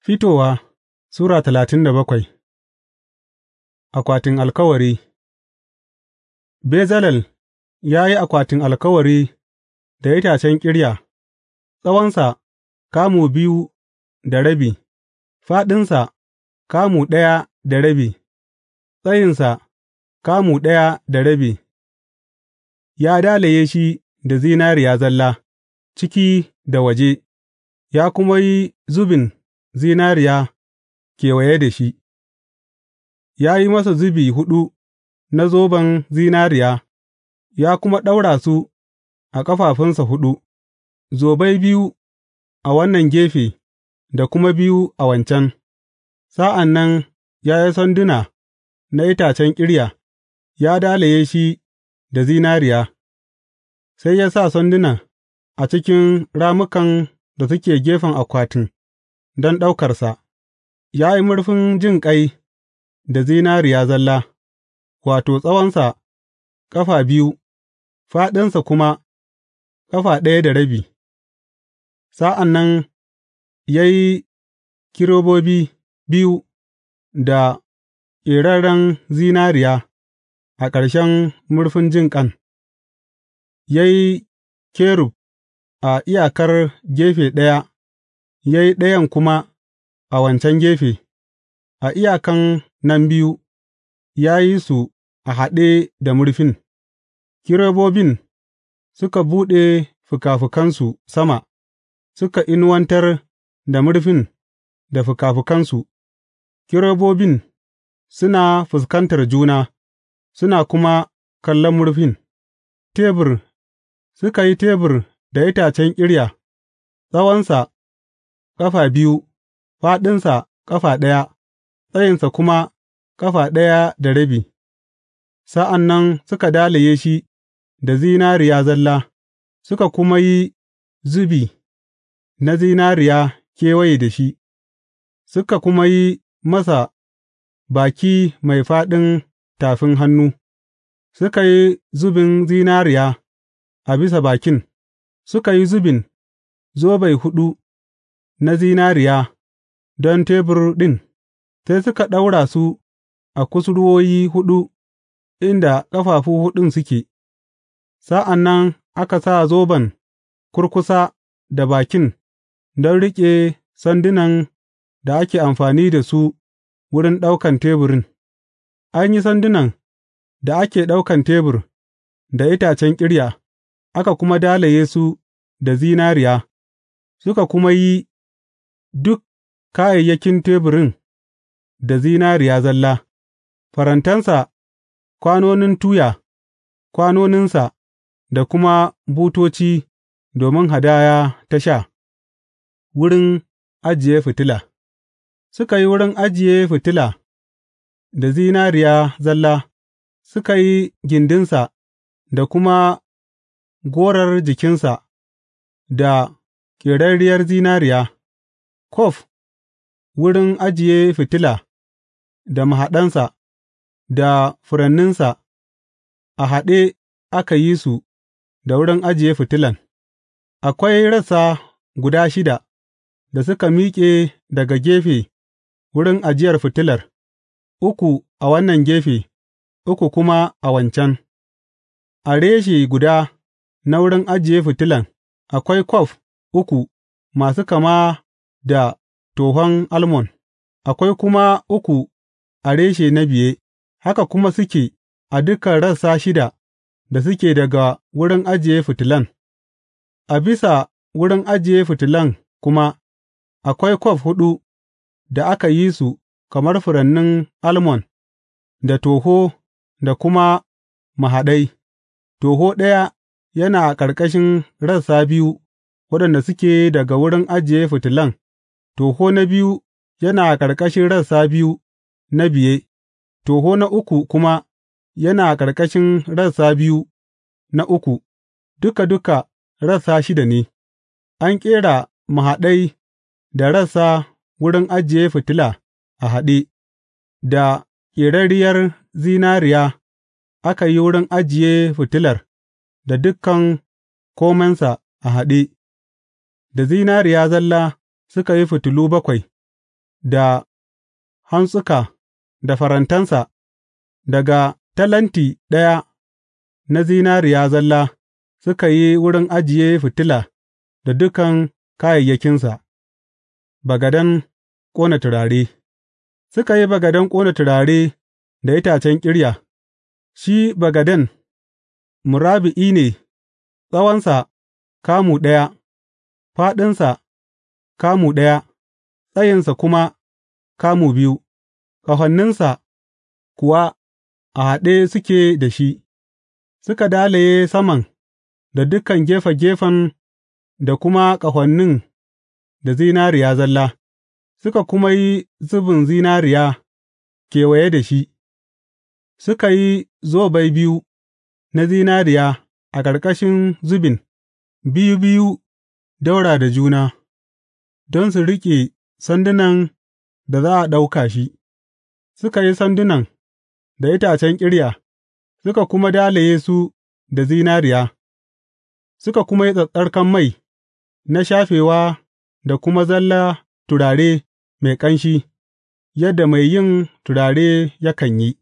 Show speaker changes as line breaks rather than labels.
Fitowa Sura talatin da bakwai Akwatin alkawari Bezalel ya yi akwatin alkawari da itacen ƙirya, tsawonsa kamu biyu da rabi, Faɗinsa kamu ɗaya da rabi, tsayinsa kamu ɗaya da rabi, ya dalaye shi da zinariya zalla, ciki da waje, ya kuma yi zubin zinariya kewaye da shi, ya yi masa zubi huɗu na zoban zinariya ya kuma ɗaura su a ƙafafunsa hudu. zobai biyu a wannan gefe da kuma biyu a wancan, sa'an nan ya yi sanduna na itacen ƙirya, ya dalaye shi da zinariya, sai ya sa sandunan a cikin ramukan da suke gefen akwatin. don ɗaukarsa, ya yi murfin jinƙai da zinariya zalla, wato, tsawonsa ƙafa biyu, fāɗinsa kuma ƙafa ɗaya da rabi, sa'an nan ya yi kerubobi biyu da ƙeraren zinariya a ƙarshen murfin jinƙan, ya yi kerub a iyakar gefe ɗaya ya yi ɗayan kuma a wancan gefe, a iyakan nan biyu, ya yi su a haɗe da murfin, kerubobin suka buɗe fikafikansu sama, suka inuwantar da murfin da fikafikansu, kerubobin suna fuskantar juna, suna kuma kallon murfin, tebur, suka yi tebur da itacen ƙirya, tsawonsa ƙafa biyu, fāɗinsa ƙafa ɗaya, tsayinsa kuma ƙafa ɗaya da rabi, sa'an nan suka dalaye shi da zinariya zalla, suka kuma yi zubi na zinariya kewaye da shi, suka kuma yi masa baki mai fāɗin tafin hannu, suka yi zubin zinariya a bisa bakin, suka yi zubin zobai huɗu na zinariya don tebur ɗin, sai suka ɗaura su a kusurwoyi huɗu inda ƙafafu huɗun suke, sa'an nan aka sa zoban kurkusa da bakin don riƙe sandunan da ake amfani da su wurin ɗaukan teburin, an yi sandunan da ake ɗaukan tebur da itacen ƙirya, aka kuma dalaye su da zinariya, suka kuma yi duk kayayyakin teburin da zinariya zalla, farantansa, kwanonin tuya, kwanoninsa da kuma butoci domin hadaya ta sha, wurin ajiye fitila Suka yi wurin ajiye fitila da zinariya zalla, suka yi gindinsa da kuma gorar jikinsa da ƙerarriyar zinariya. Kof wurin ajiye fitila da mahaɗansa, da furanninsa, a haɗe aka yi su da wurin ajiye fitilan, akwai rassa guda shida da suka miƙe daga gefe wurin ajiyar fitilar, uku a wannan gefe, uku kuma a wancan, a reshe guda na wurin ajiye fitilan akwai kwaf uku masu kama da tohon almon, akwai kuma uku a reshe na biye, haka kuma suke a dukan rassa shida da suke daga wurin ajiye fitilan, a bisa wurin ajiye fitilan kuma, akwai kwaf huɗu da aka yi su kamar furannin almon da toho da kuma mahaɗai, toho ɗaya yana a ƙarƙashin rassa biyu waɗanda suke daga wurin ajiye fitilan. toho na biyu yana a ƙarƙashin rassa biyu na biye, toho na uku kuma yana a ƙarƙashin rassa biyu na uku, duka duka rassa shida ne, an ƙera mahaɗai da rassa wurin ajiye fitila a haɗe, da ƙerarriyar zinariya aka yi wurin ajiye fitilar da dukan komensa a haɗe, da zinariya zalla Suka yi fitilu bakwai, da hantsuka da farantansa, daga talenti ɗaya na zinariya zalla suka yi wurin ajiye fitila da dukan kayayyakinsa, bagaden ƙona turare Suka yi bagaden ƙona turare da itacen ƙirya, shi bagaden murabi'i ne, tsawonsa kamu ɗaya, fāɗinsa kamu ɗaya, tsayinsa kuma kamu biyu, ƙahoninsa kuwa a haɗe suke da shi, suka dalaye saman da dukan gefe gefen da kuma ƙahonin da zinariya zalla, suka kuma yi zubin zinariya kewaye da shi, suka yi zobai biyu na zinariya a ƙarƙashin zubin, biyu biyu daura da juna. don su riƙe sandunan da za a ɗauka shi, suka yi sandunan da itacen ƙirya suka kuma dalaye su da zinariya, suka kuma yi tsattsarkan mai na shafewa da kuma zalla turare mai ƙanshi, yadda mai yin turare yakan yi.